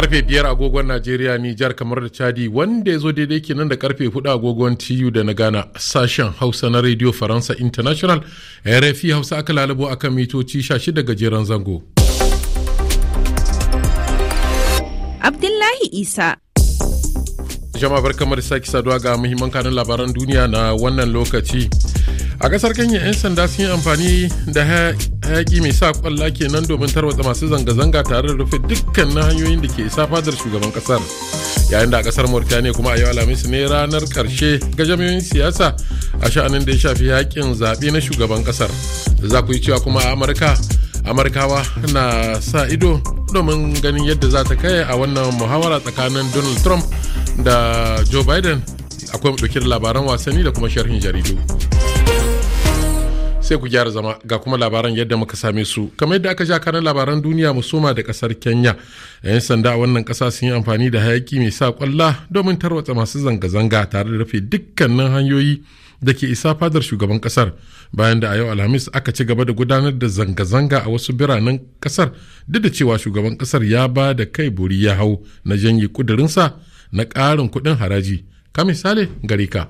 karfe biyar agogon najeriya nijar kamar da chadi wanda ya zo daidai kenan da karfe hudu agogon tu da na ghana sashen hausa na radio faransa international rfi hausa aka lalabo akan mitoci shashi daga gajeren zango abdullahi isa jama'a barkamar sake saduwa ga muhimman kanun labaran duniya na wannan lokaci a kasar kenya 'yan sanda sun yi amfani da hayaki mai sa kwalla kenan domin tarwatsa masu zanga-zanga tare da rufe dukkanin hanyoyin da ke isa fadar shugaban kasar yayin da a kasar mauritania kuma a yau alhamis ne ranar karshe ga jami'oyin siyasa a sha'anin da ya shafi yakin zaɓe na shugaban kasar za ku yi cewa kuma a amurka amurkawa na sa ido domin ganin yadda za ta kai a wannan muhawara tsakanin donald trump da joe biden akwai mu labaran wasanni da kuma sharhin jaridu. sai ku gyara zama ga kuma labaran yadda muka same su kamar yadda aka sha kanan labaran duniya musoma da kasar kenya yan sanda a wannan kasa sun yi amfani da hayaki mai sa kwalla domin tarwatsa masu zanga-zanga tare da rufe dukkanin hanyoyi da ke isa fadar shugaban kasar bayan da a yau alhamis aka ci gaba da gudanar da zanga-zanga a wasu biranen kasar duk da cewa shugaban kasar ya ba da kai buri ya hau na janye kudurinsa na karin kuɗin haraji ka misali gare ka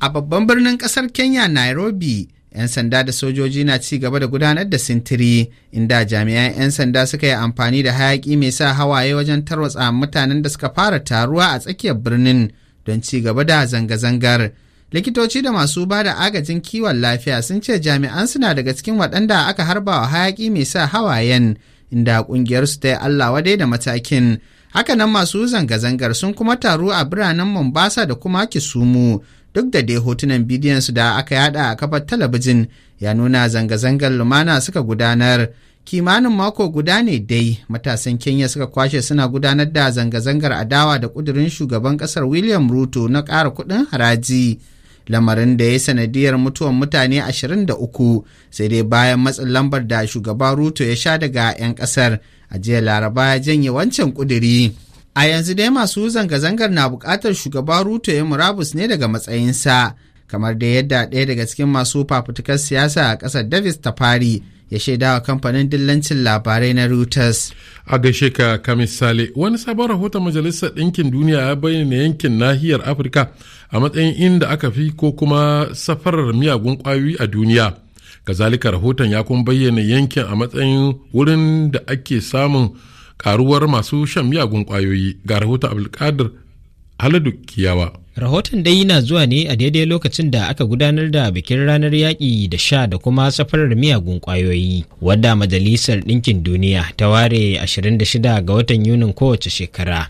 a babban birnin kasar kenya nairobi 'yan sanda da sojoji na ci gaba da gudanar da sintiri inda jami'an 'yan sanda suka yi amfani da hayaki mai sa hawaye wajen tarwatsa mutanen da suka fara taruwa a tsakiyar birnin don ci gaba da zanga-zangar likitoci da masu ba da agajin kiwon lafiya sun ce jami'an suna daga cikin waɗanda aka harba wa hayaki mai sa hawayen inda ƙungiyar su ta yi allah wadai da matakin hakanan masu zanga-zangar sun kuma taru a biranen mombasa da kuma kisumu duk da dai hotunan bidiyon su da aka yada a kafar talabijin ya nuna zanga-zangar lumana suka gudanar kimanin mako guda ne dai matasan kenya suka kwashe suna gudanar da zanga-zangar adawa da kudirin shugaban kasar william ruto na ƙara kudin haraji lamarin da ya sanadiyar mutuwan mutane 23 sai dai bayan matsin lambar da shugaba ruto ya sha daga 'yan kasar a jiya laraba ya janye wancan kuduri. A yanzu dai masu zanga-zangar na bukatar shugaba Ruto ya murabus ne daga matsayinsa, kamar da yadda ɗaya daga cikin masu fafutukar siyasa a ƙasar Davis ta fari ya shaidawa kamfanin dillancin labarai na Reuters. A gaishe ka Kamis Sale, wani sabon rahoton Majalisar Ɗinkin Duniya ya bayyana yankin nahiyar Afirka a matsayin inda aka fi ko kuma safarar miyagun ƙwayoyi a duniya. Kazalika rahoton ya kuma bayyana yankin a matsayin wurin da ake samun karuwar masu shan miyagun kwayoyi ga rahoton abdulkadir haladu kiyawa rahoton dai yana zuwa ne a daidai lokacin da aka gudanar da bikin ranar yaƙi da sha da kuma safarar miyagun kwayoyi wadda majalisar ɗinkin duniya ta ware 26 ga watan yunin kowace shekara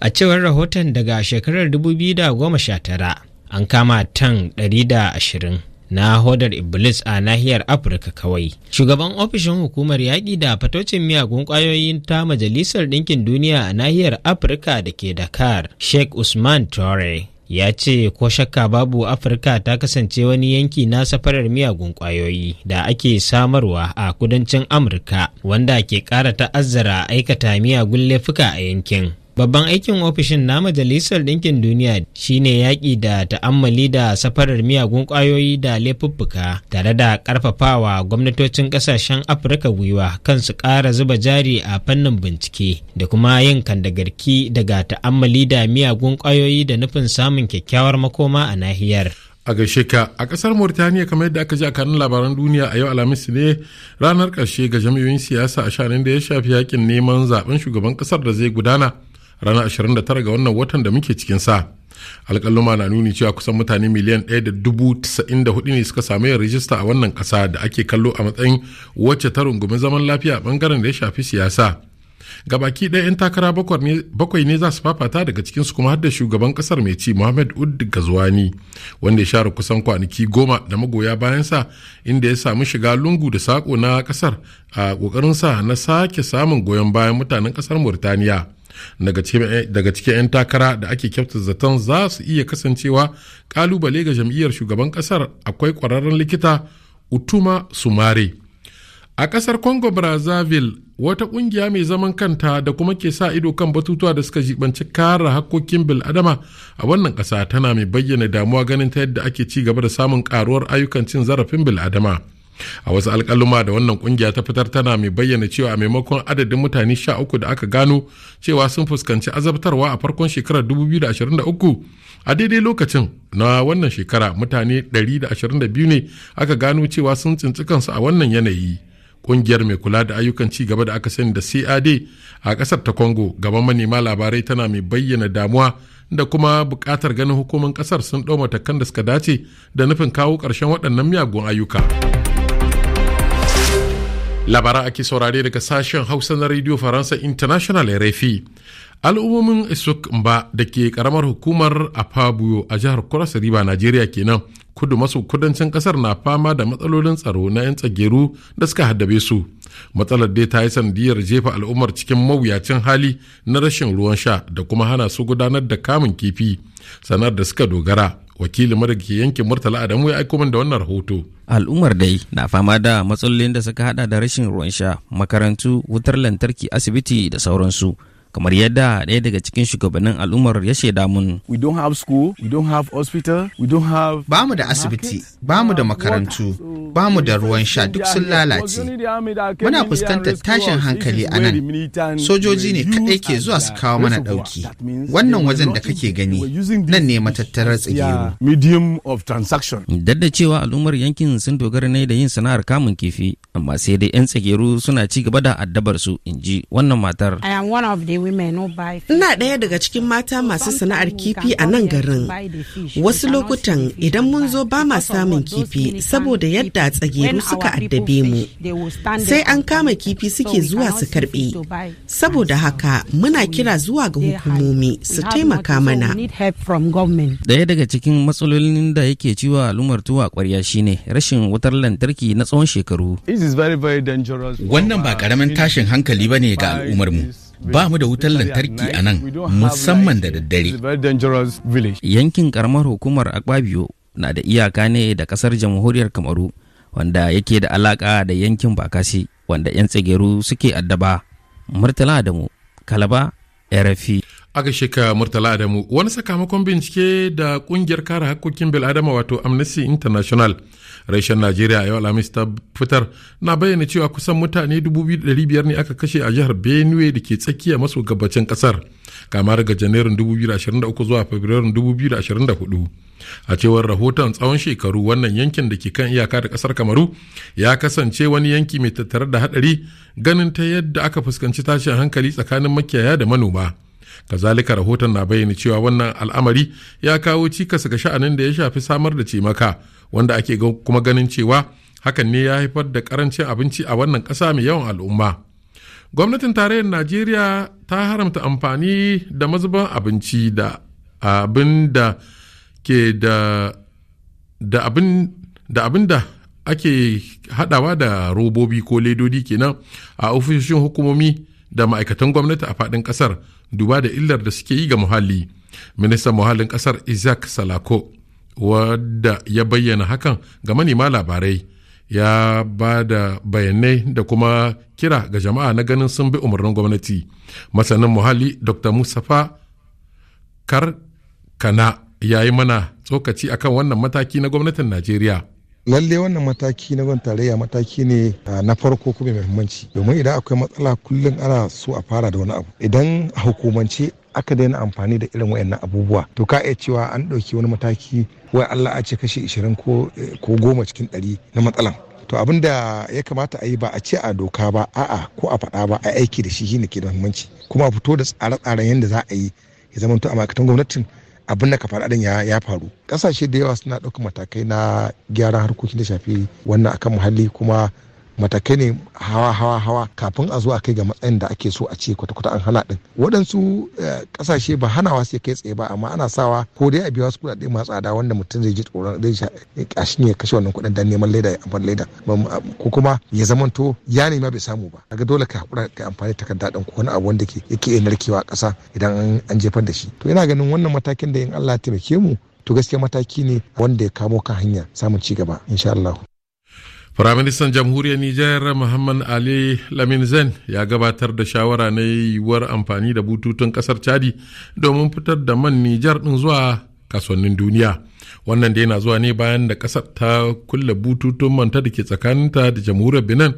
a cewar rahoton daga shekarar 2019 an kama tan 120 na hodar iblis a nahiyar afirka kawai shugaban ofishin hukumar yaƙi da fatocin miyagun ƙwayoyin ta majalisar ɗinkin duniya a nahiyar afirka da ke dakar sheikh usman ture ya ce ko shakka babu afirka ta kasance wani yanki na safarar miyagun ƙwayoyi da ake samarwa a kudancin amurka wanda ke ƙara ta'azzara aikata miyagun laifuka a yankin Babban aikin ofishin na Majalisar Ɗinkin Duniya shine yaƙi da ta'ammali da safarar miyagun ƙwayoyi da laifuffuka tare da ƙarfafawa gwamnatocin ƙasashen Afirka gwiwa kan su ƙara zuba jari a fannin bincike da kuma yin kandagarki daga ta'ammali da miyagun ƙwayoyi da nufin samun kyakkyawar makoma a nahiyar. a gaishe ka a ƙasar mauritaniya kamar yadda aka ji a kanun labaran duniya a yau alhamis ne ranar ƙarshe ga jami'oyin siyasa a shanin da ya shafi yakin neman zaben shugaban ƙasar da zai gudana ranar 29 ga wannan watan da muke cikin sa alƙaluma na nuni cewa kusan mutane miliyan 1.94 ne suka samu yin rijista a wannan ƙasa da ake kallo a matsayin wacce ta rungumi zaman lafiya a ɓangaren da ya shafi siyasa gabaki ɗaya 'yan takara bakwai ne za su fafata daga cikinsu kuma har da shugaban ƙasar mai ci muhammad ud gazwani wanda ya share kusan kwanaki goma da magoya bayansa inda ya samu shiga lungu da sako na ƙasar a kokarin sa na sake samun goyon bayan mutanen ƙasar murtaniya daga cikin 'yan takara da ake kyautar zaton za su iya kasancewa kalubale ga jam'iyyar shugaban kasar akwai kwararren likita utuma sumare a kasar congo brazzaville wata kungiya mai zaman kanta da kuma ke sa ido kan batutuwa da suka jibanci kare hakkokin bil'adama a wannan kasa tana mai bayyana damuwa ganin ta yadda ake ci gaba da samun karuwar ayyukan cin zarafin bil'adama a wasu alkaluma da wannan kungiya ta fitar tana mai bayyana cewa a maimakon adadin mutane sha uku da aka gano cewa sun fuskanci azabtarwa a farkon shekarar 2023 a daidai lokacin na wannan shekara mutane 122 ne aka gano cewa sun tsinci kansu a wannan yanayi kungiyar mai kula da ayyukan ci gaba da aka sani da cad a kasar ta congo gaban manema labarai tana mai bayyana damuwa da kuma bukatar ganin hukumar kasar sun ɗau matakan da suka dace da nufin kawo ƙarshen waɗannan miyagun ayyuka. Labara ake saurare daga sashen Hausa na Radio Faransa International RFI. Al'ummomin Isuk Mba da ke karamar hukumar apabuyo a jihar Kwaras Riba, nigeria kenan, kudu maso kudancin kasar na fama da matsalolin tsaro na 'yan tsageru da suka haddabe su. Matsalar dai ta yi sanadiyar jefa al'ummar cikin mawuyacin hali na rashin ruwan sha da kuma hana su gudanar da kamun kifi, sanar da suka dogara. Wakilin da ke yankin Murtala Adamu ya aiko min da wannan rahoto. al'ummar dai na fama da matsalolin da suka hada da rashin ruwan sha makarantu wutar lantarki asibiti da sauransu kamar yadda ɗaya daga cikin shugabannin al'ummar ya shaida mun. We don't have school, we don't have hospital, we don't have... Ba mu da asibiti, ba mu da makarantu, ba mu da ruwan sha duk sun lalace. Muna fuskantar tashin hankali a nan. Sojoji ne kaɗai ke zuwa su kawo mana ɗauki. Wannan wajen da kake gani, nan ne matattarar tsigiru. Medium Duk da cewa al'ummar yankin sun dogara ne da yin sana'ar kamun kifi, amma sai dai 'yan tsigiru suna ci gaba da addabar su, in ji wannan matar. Ina ɗaya daga cikin mata masu sana'ar kifi a nan garin. Wasu lokutan idan mun zo ba ma samun kifi saboda yadda tsageru suka addabe mu. Sai an kama kifi suke zuwa su karɓi, Saboda haka muna kira zuwa ga hukumomi su taimaka mana. Ɗaya daga cikin matsalolin da yake ciwa al'ummar tuwa ƙwarya shine rashin wutar lantarki na tsawon shekaru. Wannan ba ƙaramin tashin hankali ba ne ga al'ummarmu. ba mu da wutar lantarki a nan musamman da daddare. Yankin karamar hukumar akwabiyo na da iyaka ne da kasar jamhuriyar Kamaru wanda yake da alaka da yankin Bakasi wanda 'yan tsigeru suke addaba. Murtala mu Kalaba, RFI. aka shika murtala adamu wani sakamakon bincike da kungiyar kare hakkokin adama wato amnesty international reshen najeriya yau alhamis ta fitar na bayyana cewa kusan mutane 2,500 ne aka kashe a jihar benue da ke tsakiya maso gabacin kasar kama daga janairun 2023 zuwa fabrairun 2024 a cewar rahoton tsawon shekaru wannan yankin da ke kan iyaka da kasar kamaru ya kasance wani yanki mai tattare da hadari ganin ta yadda aka fuskanci tashin hankali tsakanin makiyaya da manoma kazalika rahoton na bayyana cewa wannan al'amari ya kawo cikas ga sha'anin da ya shafi samar da cimaka wanda ake kuma ganin cewa hakan ne ya haifar da karancin abinci a wannan ƙasa mai yawan al'umma gwamnatin tarayyar najeriya ta haramta amfani da mazuban abinci da abin da ke da da abin da abin da ake hadawa da robobi ko ledodi kenan a ofishin hukumomi da ma'aikatan gwamnati a faɗin ƙasar duba da illar da suke yi ga muhalli ministan muhallin ƙasar isaac salako wadda ya bayyana hakan ga manema labarai ya ba da bayanai da kuma kira ga jama'a na ganin sun bi umarnin gwamnati masanin muhalli dr musafa karkana ya yi mana tsokaci akan wannan mataki na gwamnatin najeriya lalle wannan mataki na gwamnatin tarayya mataki ne na farko kuma mai muhimmanci domin idan akwai matsala kullum ana so a fara da wani abu idan a hukumance aka daina amfani da irin wayannan abubuwa to ka iya cewa an ɗauki wani mataki wai Allah a ce kashi 20 eh, ko goma cikin 100 na matsalan to abin da ya kamata a yi ba a ce a doka ba a'a ko a faɗa ba a aiki da shi shine ke da muhimmanci kuma a fito da tsare-tsaren yadda za a yi ya zama to a ma'aikatan gwamnatin abin da ka faɗa ya faru ƙasashe da yawa suna ɗaukar matakai na gyaran harkokin da shafi wannan akan muhalli kuma matakai ne hawa hawa hawa kafin a zo a kai ga matsayin da ake so a ce kwata-kwata an hana din waɗansu eh, ƙasashe ba hanawa sai kai tsaye ba amma ana sawa ko dai a biya wasu kuɗaɗe masu tsada wanda mutum zai ji tsoron zai kashin ya kashe wannan kuɗin dan neman leda ya amfani leda ah, ko kuma ya zamanto ya nema bai samu ba kaga dole ka haƙura ka amfani takarda ɗin ko wani abu wanda ke yake iya narkewa ƙasa idan an jefar da shi to ina ganin wannan matakin da in Allah ya taimake mu to gaskiya mataki ne wanda ya kamo kan hanya samun ci gaba insha allahu. Firaministan Jamhuriyar Nijar Muhammad Ali Lamin Zen ya gabatar da shawara na yiwuwar amfani da bututun kasar Chadi domin fitar da man Nijar ɗin zuwa kasuwannin duniya. Wannan da yana zuwa ne bayan da kasar ta kulle bututun manta da ke tsakaninta da Jamhuriyar Benin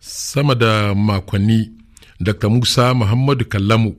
sama da makonni. Dr. Musa Muhammadu Kallamu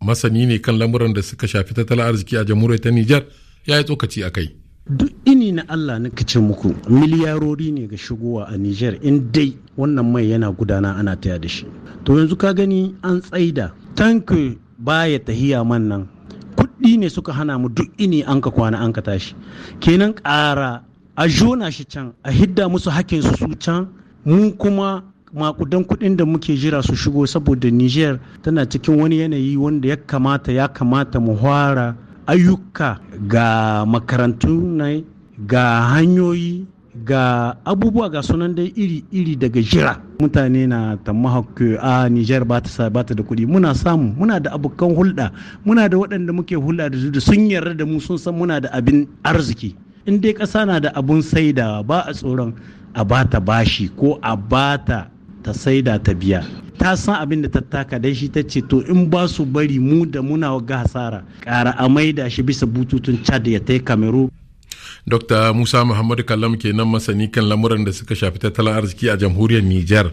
masani ne kan lamuran da suka shafi tattalin arziki a Jamhuriyar ta Nijar ya yi tsokaci a kai. duk ini na Allah na kace muku miliyarori ne ga shigowa a Nijar in dai wannan mai yana gudana ana taya da shi to yanzu ka gani an tsaida tanki baya tahiya man nan kuɗi ne suka hana mu duk ini an ka kwana an ka tashi kenan ƙara a jona shi can a hidda musu hakkin su su can mu kuma makudan kuɗin da muke jira su shigo saboda Nijar tana cikin wani yanayi wanda ya kamata ya kamata mu hwara ayyuka ga makarantu na ga hanyoyi ga abubuwa ga sunan dai iri-iri daga jira mutane na tamaha a Nijar ba ta ba da kuɗi muna samu muna da abokan hulɗa muna da waɗanda muke hulɗa da su sun yarda da mu sun san muna da abin arziki in dai ƙasa na da abun saida ba a tsoron a bata bashi ko a bata ta saida ta biya ta san abin da tattaka taka dan shi ta ce to in ba su bari mu da muna ga hasara ƙara a da shi bisa bututun chad ya tai kameru Dr. Musa Muhammadu Kallam kenan masani kan lamuran da suka shafi tattalin arziki a jamhuriyar Nijar.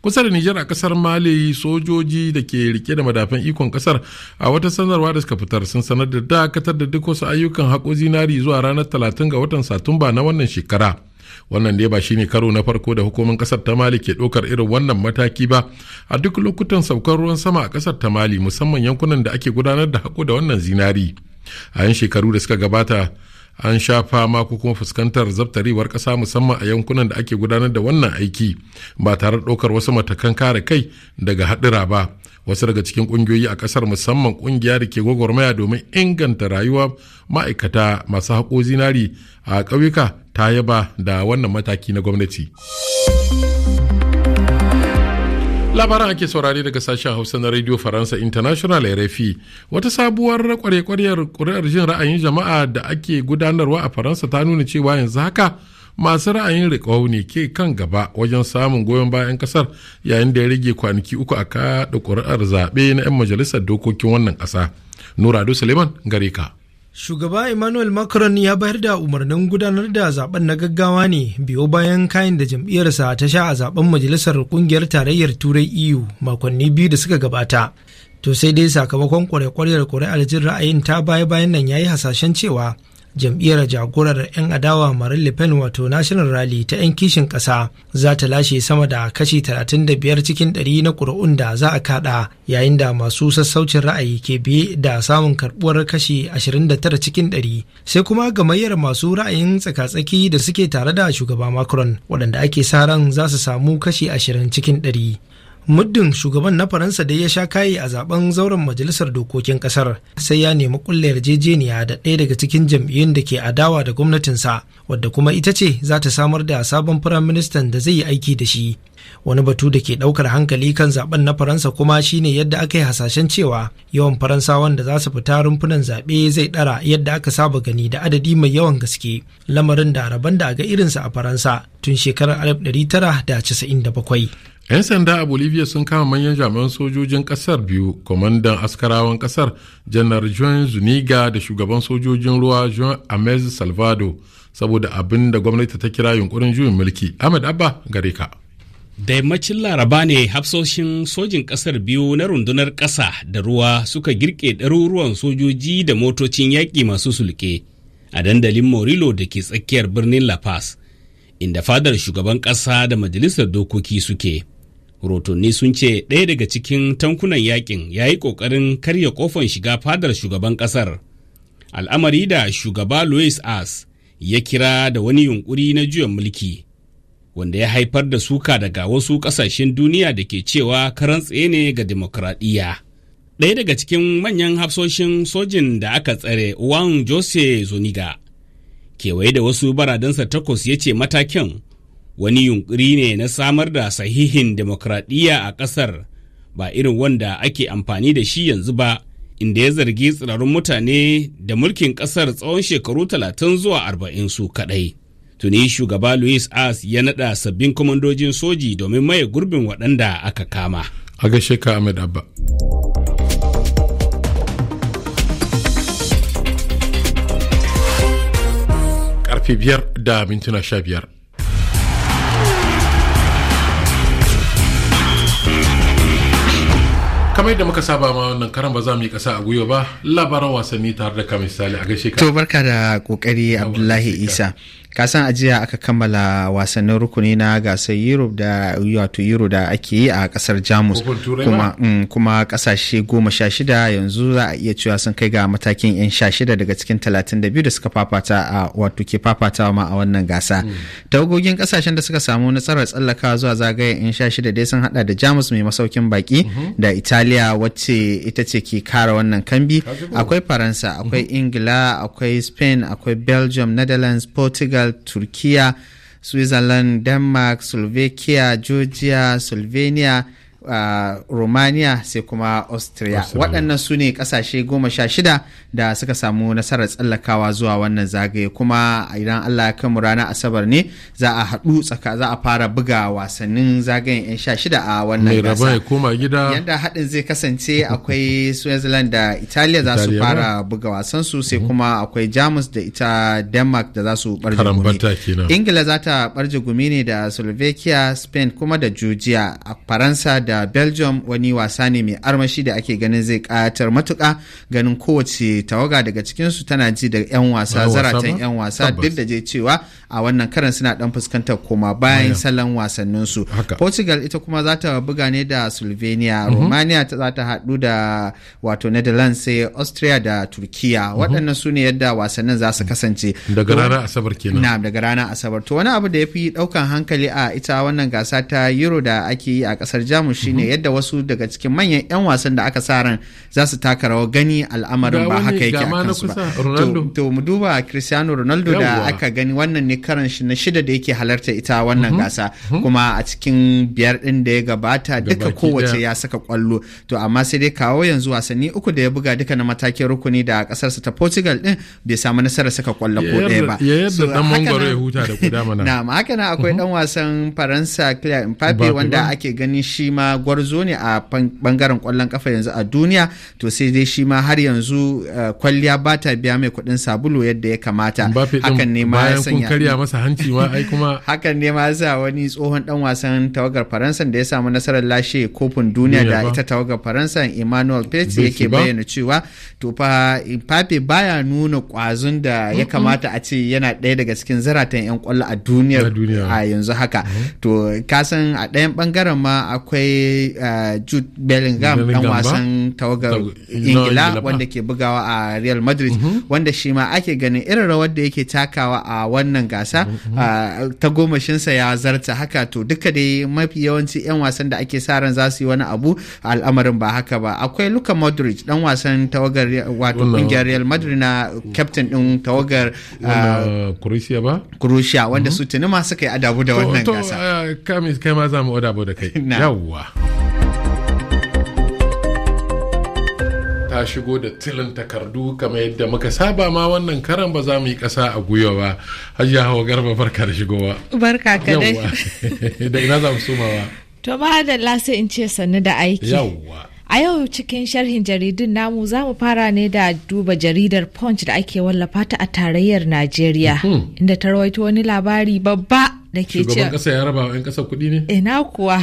Kusa da Nijar a kasar Mali sojoji da ke rike da madafan ikon kasar a wata sanarwa da suka fitar sun sanar da dakatar da duk wasu ayyukan haƙo zinari zuwa ranar talatin ga watan Satumba na wannan shekara. wannan dai ba shine karo na farko da hukumin kasar ta mali ke dokar irin wannan mataki ba a duk lokutan saukar ruwan sama a kasar ta mali musamman yankunan da ake gudanar da hako da wannan zinari a yan shekaru da suka gabata an sha fama ko kuma fuskantar zabtarewar ƙasa musamman a yankunan da ake gudanar da wannan aiki ba tare ɗaukar wasu matakan kare kai daga hadira ba wasu daga cikin ƙungiyoyi a kasar musamman ƙungiya da ke gwagwarmaya domin inganta rayuwa ma'aikata masu haƙo zinari a ƙauyuka ta yaba da wannan mataki na gwamnati. labaran ake saurari daga sashen hausa na radio faransa international rfi wata sabuwar kwarekwariyar kuri'ar jin ra'ayin jama'a da ake gudanarwa a faransa ta nuna cewa yanzu haka masu ra'ayin rikau ne ke kan gaba wajen samun goyon bayan kasar yayin da ya rage kwanaki uku a kada kuri'ar zaɓe na 'yan majalisar dokokin wannan ƙasa nurado suleiman gare ka Shugaba Emmanuel Macron ya bayar da umarnin gudanar da zaben na gaggawa ne biyo bayan kayan da jam'iyyarsa ta sha a zaben majalisar kungiyar tarayyar Turai EU makonni biyu da suka gabata. To sai dai sakamakon kwarekwarewar kuri'ar jin ra'ayin ta baya bayan nan ya yi hasashen cewa jam'iyyar jagorar 'yan adawa marin le pen wato national rally ta 'yan kishin ƙasa za ta lashe sama da kashi 35 cikin 100 na ƙuri'un da za a kada yayin da masu sassaucin ra'ayi ke biye da samun karbuwar kashi 29 cikin 100 sai kuma gamayyar masu ra'ayin tsaka-tsaki da suke tare da shugaba macron waɗanda ake sa ran za su samu kashi 20 cikin 100 muddin shugaban na faransa da ya sha kayi a zaben zauren majalisar dokokin kasar sai ya nemi kulle yarjejeniya da ɗaya daga cikin jam'iyyun da ke adawa da gwamnatinsa wadda kuma ita ce za ta samar da sabon firaministan da zai yi aiki da shi wani batu da ke ɗaukar hankali kan zaben na faransa kuma shine yadda aka yi hasashen cewa yawan faransawan da za su fita rumfunan zaɓe zai ɗara yadda aka saba gani da adadi mai yawan gaske lamarin da rabon da ga irinsa a faransa tun shekarar 1997 'yan sanda a bolivia sun kama manyan jami'an sojojin kasar biyu kwamandan askarawan kasar janar juan zuniga da shugaban sojojin ruwa juan amez salvado saboda abin da gwamnati ta kira yunkurin juyin mulki ahmed abba gare ka da yammacin laraba ne hafsoshin sojin kasar biyu na rundunar kasa da ruwa suka girke ɗaruruwan sojoji da motocin yaƙi masu sulke a dandalin morilo da ke tsakiyar birnin la paz inda fadar shugaban ƙasa da majalisar dokoki suke. rotonni sun ce ɗaya daga cikin tankunan yakin ya yi ƙoƙarin karya ƙofan shiga fadar shugaban ƙasar al'amari da shugaba louis as ya kira da wani yunƙuri na juyan mulki wanda ya haifar da suka daga wasu ƙasashen duniya da ke cewa karan tsaye ne ga demokradiyya ɗaya daga cikin manyan hafsoshin sojin da aka tsare wang jose Zuniga, kewaye da wasu baradansa takwas ya ce matakin wani yunkuri ne na samar da sahihin demokradiyya a ƙasar ba irin wanda ake amfani da shi yanzu ba inda ya zargi tsirarun mutane da mulkin ƙasar tsawon shekaru talatin zuwa arba'in su kaɗai. Tuni shugaba Luis As ya naɗa sabbin kwamandojin soji domin maye gurbin waɗanda aka kama. A Ahmed Abba. ƙarfi biyar da mintuna sha biyar. kamar yadda muka saba ma wannan karan ba za mu yi kasa a gwiwa ba labaran wasanni tare da kamisali misali a gaishe ka to barka da kokari abdullahi isa kasan ajiya aka kammala wasannin rukuni na gasar europe da wato yuro da ake yi a kasar jamus kuma, mm, kuma kasashe goma sha shida yanzu za a iya cewa sun kai ga matakin yan sha shida daga cikin talatin da biyu da suka fafata a wato ke fafata ma a wannan gasa mm. kasashen da suka samu nasarar tsallakawa zuwa zagayen yan sha shida dai sun hada da jamus mai masaukin baki mm-hmm. da italiya wacce ita ce ke kara wannan kambi akwai faransa akwai mm-hmm. ingila akwai spain akwai belgium netherlands portugal Portugal, Turkiya, Switzerland, Denmark, Slovakia, Georgia, Slovenia, uh, romania sai kuma austria waɗannan su ne ƙasashe goma sha shida da suka samu nasarar tsallakawa zuwa wannan zagaye kuma idan allah ya mu ranar asabar ne za a haɗu tsaka za a fara buga wasannin zagayen 'yan sha shida a wannan gasa yanda haɗin zai kasance akwai switzerland da italiya za su fara buga wasan su sai mhm. kuma akwai jamus da ita denmark da za su ɓarje gumi ingila za ta ɓarje gumi ne da slovakia spain kuma da georgia a faransa da da belgium wani wasa ne mai armashi da ake ganin zai katar matuka ganin kowace tawaga daga cikinsu tana ji da 'yan wasa zaratan 'yan wasa duk da je cewa a wannan karan suna dan fuskantar koma bayan salon wasanninsu portugal ita kuma za ta buga ne da slovenia mhm. romania ta za ta haɗu da wato netherlands sai austria da turkiya mhm. waɗannan su ne yadda wasannin za su mhm. kasance daga ranar asabar kenan na daga ranar asabar to wani abu da ya fi ɗaukan hankali a ita wannan gasa ta euro da ake yi a ƙasar jamus shine mhm. yadda wasu daga cikin manyan 'yan wasan da aka sa ran za su taka rawa gani al'amarin ba haka yake a kansu ba to mu duba cristiano ronaldo da aka gani wannan ne karan shi na shida da yake halarta ita wannan mhm. gasa mhm. kuma a cikin biyar din da ya gabata duka kowace ya saka kwallo to amma sai dai kawo yanzu wasanni uku da ya buga duka na matakin rukuni da kasarsa ta portugal din bai samu nasarar saka kwallo ko ɗaya ba na akwai ɗan wasan faransa clear mbappe wanda ake ganin shi ma gwarzo ne a bangaren kwallon kafa yanzu a duniya to sai dai shi ma har yanzu eh, kwalliya ba ta biya mai kuɗin sabulu yadda ya kamata hakan ne ma ya sanya masa hanci ma ai kuma hakan ne ma ya sa wani tsohon dan wasan tawagar faransa da ya samu nasarar lashe kofin duniya da ita tawagar faransa emmanuel petit yake bayyana cewa to fa pape baya nuna kwazon da ya kamata a ce yana ɗaya daga cikin zaratan 'yan kwallo a duniyar a yanzu haka mm-hmm. to kasan a ɗayan bangaren ma akwai uh, Jude Bellingham dan wasan tawagar Ingila wanda ke bugawa a Real Madrid mhm. wanda shi ma ake ganin irin rawar da yake takawa a wannan gasa mhm, mhm. ah, ta gomashinsa ya zarta haka to duka dai mafi yawanci 'yan wasan da ake sa ran za su yi wani abu al'amarin ba haka ba akwai Luka Modric dan wasan tawagar wato kungiyar Real Madrid na captain din tawagar ah, Croatia ba Croatia wanda su tuni ma suka yi adabu da wannan gasa eh, kai ma za mu adabu da kai yawwa ta shigo da tilin takardu kamar yadda muka saba ma wannan karan ba za mu yi ƙasa a gwiwa ba hajiya hawa garba barka da shigowa barka ka da ina za mu sumawa to ba da lasa in ce sannu da aiki yawwa A yau cikin sharhin jaridun namu za mu fara ne da duba jaridar Punch da ake wallafa ta a tarayyar Najeriya, hmm. inda ta rawaito wani labari babba da ke cewa. Shugaban ƙasa ya raba wa 'yan ƙasa kuɗi ne? Ina kuwa.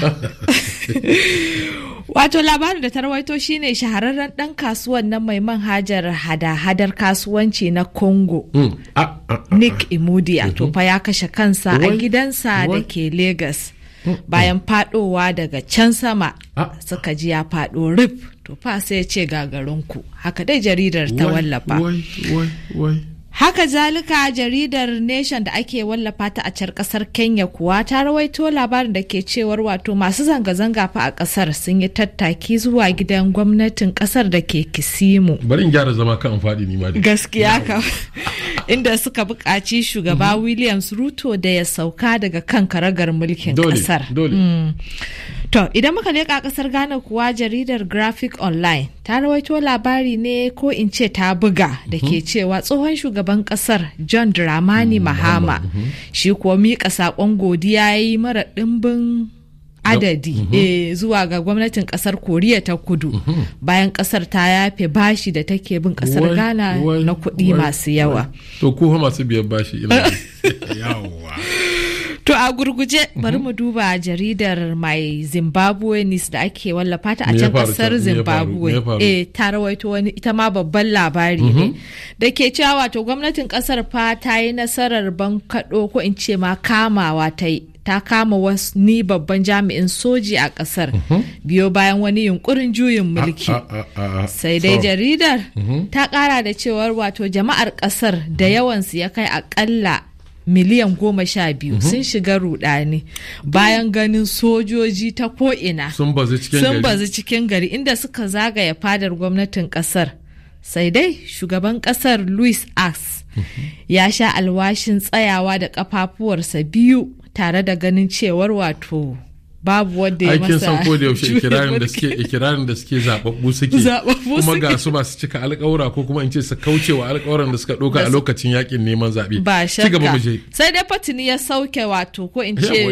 Wato labarin da ta rawaito shine shahararren dan kasuwan nan mai manhajar hada-hadar kasuwanci na Congo. Hmm. Ah, ah, ah, Nick Imudia mhm. to fa ya kashe kansa a gidansa da ke Lagos. Hmm, hmm. Bayan fadowa daga can sama suka ji ya fado rip to fa sai ce gagarinku. Haka dai jaridar ta wallafa. Haka zalika jaridar Nation da ake wallafa ta a can kasar Kenya kuwa ta rawaito labarin da ke cewar wato masu zanga-zanga fa a kasar sun yi tattaki zuwa gidan gwamnatin kasar da ke Kisimu. Bari gyara zama kan faɗi ni ma Gaskiya ka. Inda suka bukaci shugaba mhm. Williams Ruto da ya sauka daga kan karagar mulkin kasar. Dole, dole. Mm. To idan muka leƙa ƙasar Ghana kuwa jaridar Graphic Online ta rawaito labari ne ko in ce ta buga da ke mhm. cewa tsohon shugaban ƙasar John Dramani mm, Mahama mhm. shi kuwa miƙa saƙon godiya ya yi mara ɗimbin adadi mhm. eh, zuwa ga gwamnatin ƙasar koriya ta kudu bayan ƙasar ta yafe bashi da take bin ƙasar ghana na kuɗi masu yawa to kuwa masu biyan bashi ina yawa to a gurguje bari mu mhm. duba jaridar mai zimbabwe news da ake wallafa ta a can kasar zimbabwe eh ta rawaito wani ita ma babban labari ne mhm. da ke cewa wato gwamnatin kasar fa ta yi nasarar bankaɗo ko in ce ma kamawa ta yi ta kama wani babban jami'in soji a kasar mhm. biyo bayan wani yunkurin juyin mulki sai dai jaridar ta kara da cewar wato jama'ar kasar da yawansu ya kai akalla miliyan goma sha biyu mhm. sun shiga rudani bayan ganin sojoji ta ko'ina sun bazu cikin gari inda suka zagaya fadar gwamnatin kasar sai dai shugaban kasar louis as mhm. ya sha alwashin tsayawa da kafafuwarsa biyu tare da ganin cewar wato babu wanda ya masa san ko da yaushe ikirarin da suke ikirarin da suke zababbu suke kuma ga su masu cika alƙawura ko kuma in ce su kauce wa alƙawuran da suka ɗauka a lokacin yakin neman zaɓe ba shakka sai dai fatini ya sauke wato ko in ce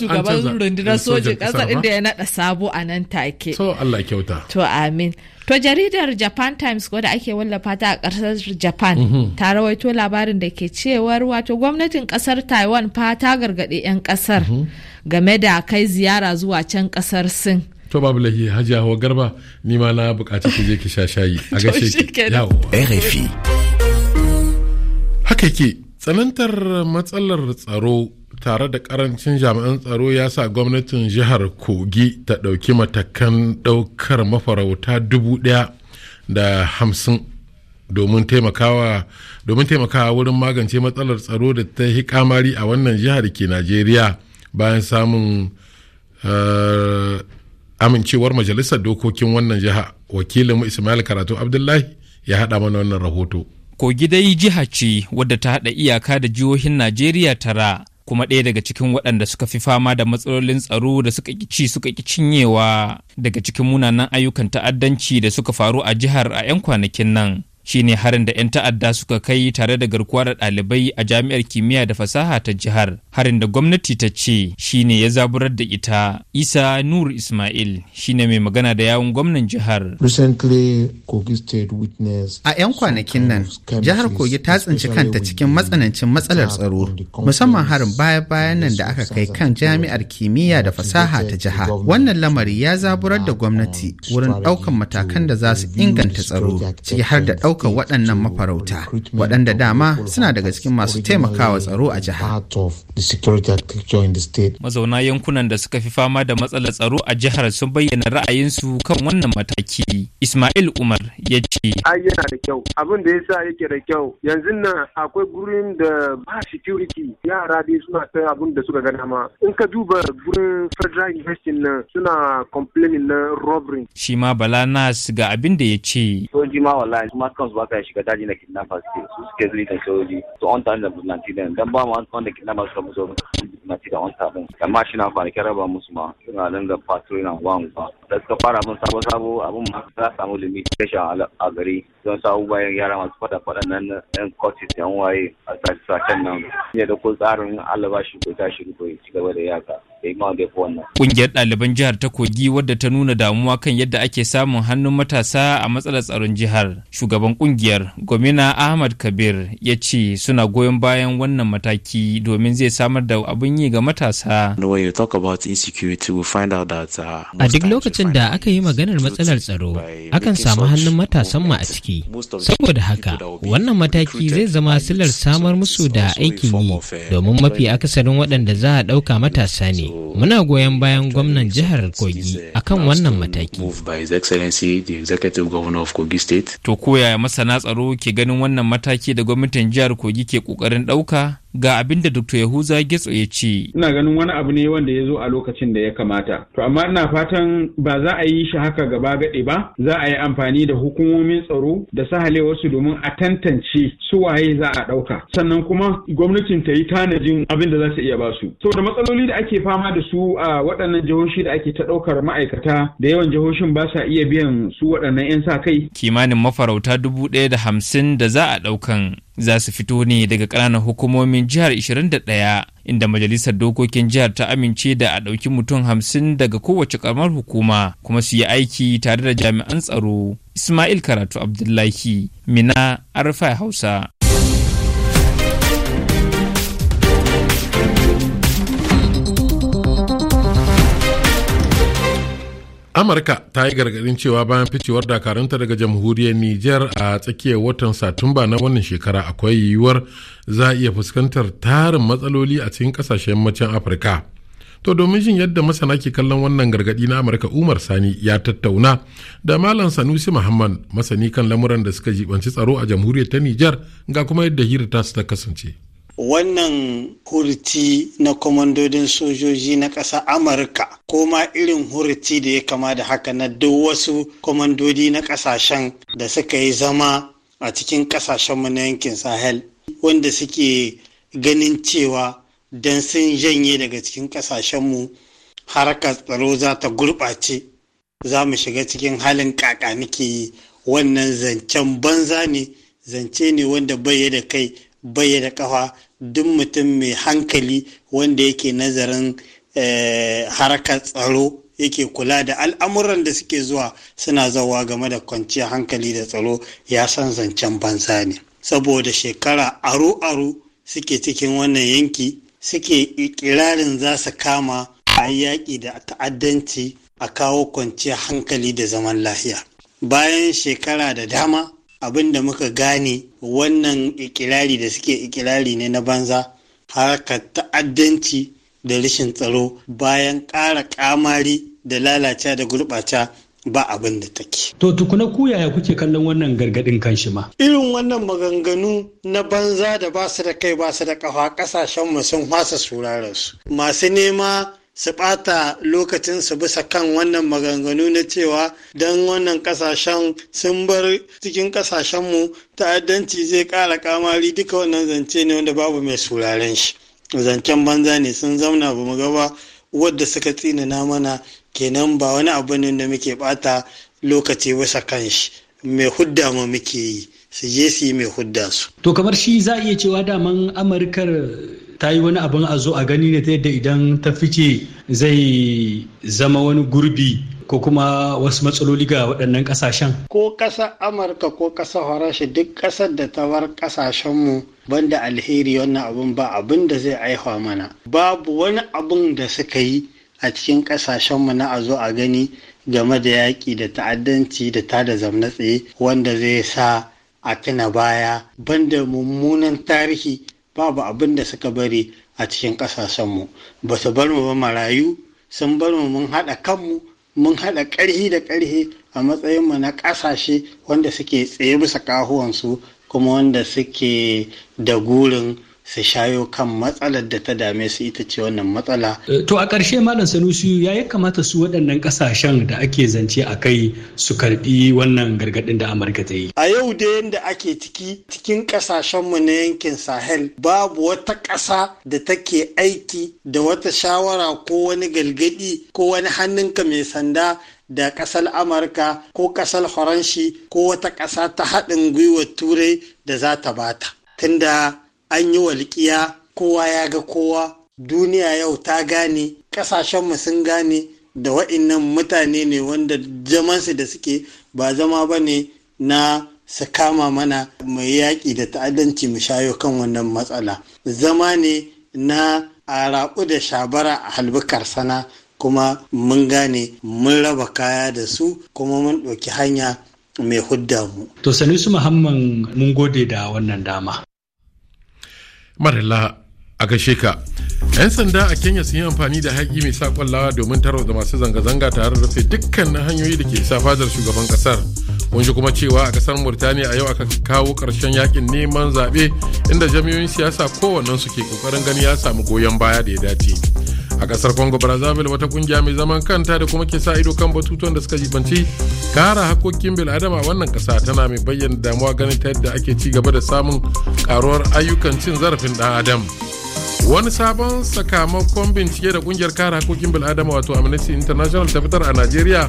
shugaban rundunar sojin ƙasar inda ya naɗa sabo a nan take to Allah kyauta to amin To jaridar Japan Times ko da ake wallafa ta a ƙasar Japan mhm. ta rawaito labarin da ke cewar wato gwamnatin ƙasar Taiwan fa ta gargaɗe 'yan ƙasar. Mm -hmm. game da kai ziyara zuwa can kasar sin to babu lahi hajji hawa garba ni ma na bukaci ki je ki sha shayi a gashe ki haka yake tsanantar matsalar tsaro tare da karancin jami'an tsaro ya sa gwamnatin jihar kogi ta ɗauki matakan ɗaukar mafarauta dubu ɗaya da hamsin domin taimakawa domin taimakawa wurin magance matsalar tsaro da ta yi kamari a wannan jihar ke najeriya bayan samun eh, amincewar majalisar dokokin wannan jiha wakilinmu ismail karatu abdullahi ya haɗa mana wannan rahoto kogi dai jiha ce wadda ta haɗa iyaka da jihohin najeriya tara kuma ɗaya daga cikin waɗanda suka fi fama da matsalolin tsaro da suka ci suka ƙi cinyewa daga cikin munanan ayyukan ta'addanci da suka faru a jihar a 'yan kwanakin nan shine harin da 'yan ta'adda suka kai tare da garkuwa da ɗalibai a jami'ar kimiyya da fasaha ta jihar harin da gwamnati ta ce shine ya zaburar da ita isa nur ismail shine mai magana da yawun gwamnan jihar a 'yan kwanakin nan jihar kogi ta tsinci kanta cikin matsanancin matsalar tsaro musamman harin baya-bayan nan da aka kai kan jami'ar kimiyya da fasaha ta jiha wannan lamari ya zaburar da gwamnati wurin ɗaukan matakan da za su inganta tsaro ciki har da ɗauka waɗannan mafarauta waɗanda dama suna daga cikin masu taimakawa tsaro a jihar. Mazauna yankunan da suka fi fama da matsalar tsaro a jihar sun bayyana ra'ayinsu kan wannan mataki. Ismail Umar ya ce. Ai yana da kyau abin da yasa yake da kyau yanzu nan akwai gurin da ba security yara dai suna ta abin da suka gana ma in ka duba gurin federal university nan suna complaining na robbery. Shi Bala Nas ga abin da ya ce. Sojima wallahi kansu ba ka shiga daji na kidnappers ke su suke zuri da sojoji to on tare da vigilante din dan ba mu an wanda kidnappers suka musu vigilante da on tare ma shi na fara kira ba musu ma suna nan da patrol na wa ba da suka fara mun sabo sabo abun ma za samu limit tasha a gari don sabu bayan yara masu fada fada nan yan courses yan waye a sace-sacen nan ne da ko tsarin alabashi ko tashi ko ci gaba da yaka Ƙungiyar Kungiyar ɗaliban jihar ta Kogi wadda ta nuna damuwa kan yadda ake samun hannun matasa a matsalar tsaron jihar. Shugaban kungiyar Gomina Ahmad Kabir ya ce suna goyon bayan wannan mataki domin zai samar da abin yi ga matasa. Uh, a duk lokacin da aka yi maganar matsalar tsaro, akan samu hannun matasan a ciki. Saboda haka, wannan mataki zai zama silar samar musu da aikin yi uh, domin mafi akasarin waɗanda za a ɗauka matasa ne. muna goyon bayan gwamnan jihar kogi akan wannan mataki to koya masana tsaro ke ganin wannan mataki da gwamnatin jihar kogi ke kokarin ɗauka ga abin da Dr. Yahuza Getso ya ce. Ina ganin wani abu ne wanda ya zo a lokacin da ya kamata. To amma ina fatan ba za a yi shi haka gaba gaɗe ba, za a yi amfani da hukumomin tsaro da sahale wasu domin a tantance su waye za a ɗauka. Sannan kuma gwamnatin ta yi tanajin abin da za su iya basu su. Saboda matsaloli da ake fama da su a waɗannan jihohi da ake ta ɗaukar ma'aikata da yawan jihohin ba sa iya biyan su waɗannan 'yan sa kai. Kimanin mafarauta dubu ɗaya da hamsin da za a ɗaukan za su fito ne daga ƙananan hukumomin jihar 21 inda majalisar dokokin jihar ta amince da a ɗauki mutum hamsin daga kowace ƙaramar hukuma kuma su yi aiki tare da jami'an tsaro ismail karatu abdullahi mina arfa hausa amurka ta yi gargadin cewa bayan ficewar dakarunta daga jamhuriyar niger a tsakiyar watan satumba na wannan shekara akwai yiwuwar za a iya fuskantar tarin matsaloli a cikin kasashen yammacin afirka to domin jin yadda masana ke kallon wannan gargadi na amurka umar sani ya tattauna da malam sanusi muhammad masani kan lamuran da suka jibanci tsaro a jamhuriyar ta niger ga kuma yadda hira ta su ta kasance wannan hurci na kwamandodin sojoji na ƙasa amurka ko ma irin hurci da ya kama da haka na duk wasu kwamandodi na ƙasashen da suka yi zama a cikin ƙasashenmu na yankin sahel wanda suke ganin cewa don sun janye daga cikin ƙasashenmu harkar tsaro za ta gurɓace za mu shiga cikin halin kaka nake yi wannan zancen banza ne zance ne wanda bayyana da kai bayyana da kafa duk mutum mai hankali wanda yake nazarin eh, harkar tsaro yake kula da al'amuran da suke zuwa suna zawa game da kwanciyar hankali da tsaro ya san zancen banza ne saboda shekara aru-aru suke cikin wannan yanki suke ikirarin za su kama a yaƙi da ta'addanci a kawo kwanciyar hankali da zaman lafiya bayan shekara da dama abin da muka gane wannan ikirari da suke ikirari ne na banza harkar ta'addanci da rashin tsaro bayan ƙara ƙamari da lalace da gurɓata ba abin da take. To tukuna ku yaya kuke kallon wannan gargadin kan shi ma? Irin wannan maganganu na banza da ba su da kai ba su da ƙafa kasashen mu sun fasa surararsu. Masu nema su ɓata lokacinsu bisa kan wannan maganganu na cewa don wannan ƙasashen sun bar cikin ƙasashenmu ta'addanci zai ƙara kamari duka wannan zance ne wanda babu mai suraren shi zancen banza ne sun zauna ba mu gaba wadda suka tsinana mana kenan ba wani abu ne da muke ɓata lokaci bisa kan shi mai hudda ma muke yi su je su yi mai hudda su. To kamar shi za a iya cewa daman Amurkar ta yi wani abin a zo a gani ne ta yadda idan ta fice zai zama wani gurbi ko kuma wasu matsaloli ga waɗannan ƙasashen? Ko ƙasa Amurka ko ƙasa Horashi duk ƙasar da ta bar ƙasashenmu banda alheri wannan abin ba abin da zai aihuwa mana. Babu wani abun da suka yi a cikin ƙasashenmu na a zo a gani game da yaƙi da ta'addanci da ta zamna tsaye wanda zai sa a tuna baya banda mummunan tarihi babu abin da suka bari a cikin ƙasashenmu ba su bar mu ba marayu sun bar mu mun haɗa kanmu mun haɗa ƙarhi da ƙarhi a matsayinmu na ƙasashe wanda suke tsaye bisa kahuwansu kuma wanda suke da gurin su shayo kan matsalar da ta dame su ita ce wannan matsala. Eh, to a ƙarshe Malam Sanusi ya yi kamata su waɗannan ƙasashen da ake zance a kai su karɓi wannan gargaɗin da Amurka ta yi. A yau da yadda ake ciki cikin ƙasashenmu na yankin Sahel babu wata ƙasa da take aiki da wata shawara ko wani galgadi ko wani hannunka mai sanda da ƙasar Amurka ko ƙasar Faranshi ko wata ƙasa ta haɗin gwiwar Turai da za ta bata. Tunda an yi walƙiya kowa ya ga kowa duniya yau ta gane ƙasashenmu sun gane da wa'innan mutane ne wanda jamansu da suke ba zama ba ne na su kama mana mai yaƙi da ta'addanci mu shayo kan wannan matsala zama ne na araɓu da shabara a halbukar sana kuma mun gane mun raba kaya da su kuma mun ɗauki hanya mai hudda mu. To Sanusu Muhammad mun gode da wannan dama. marilla a gashe ka 'yan sanda a kenya sun yi amfani da haƙi mai sa kwallawa domin da masu zanga-zanga tare da rufe dukkanin hanyoyi da ke isa fadar shugaban kasar mun ji kuma cewa a kasar murtaniya a yau aka kawo ƙarshen yakin neman zaɓe inda jami'oyin siyasa kowannen su ke ƙoƙarin gani ya samu goyon baya da ya dace a kasar congo brazzaville wata kungiya mai zaman kanta da kuma ke sa ido kan batutuwan da suka jibanci kara hakokin bil'adama a wannan kasa tana mai bayyana damuwa ganin ta yadda ake ci gaba da samun karuwar ayyukan cin zarafin dan adam wani sabon sakamakon bincike da kungiyar kare hakokin bil'adama wato amnesty international ta fitar a nigeria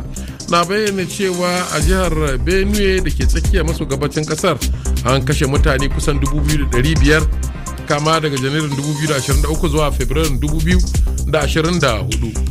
na bayyana cewa a jihar benue da ke tsakiya maso gabacin kasar an kashe mutane kusan 2,500 kama daga janairun 2023 zuwa fabrairun 2024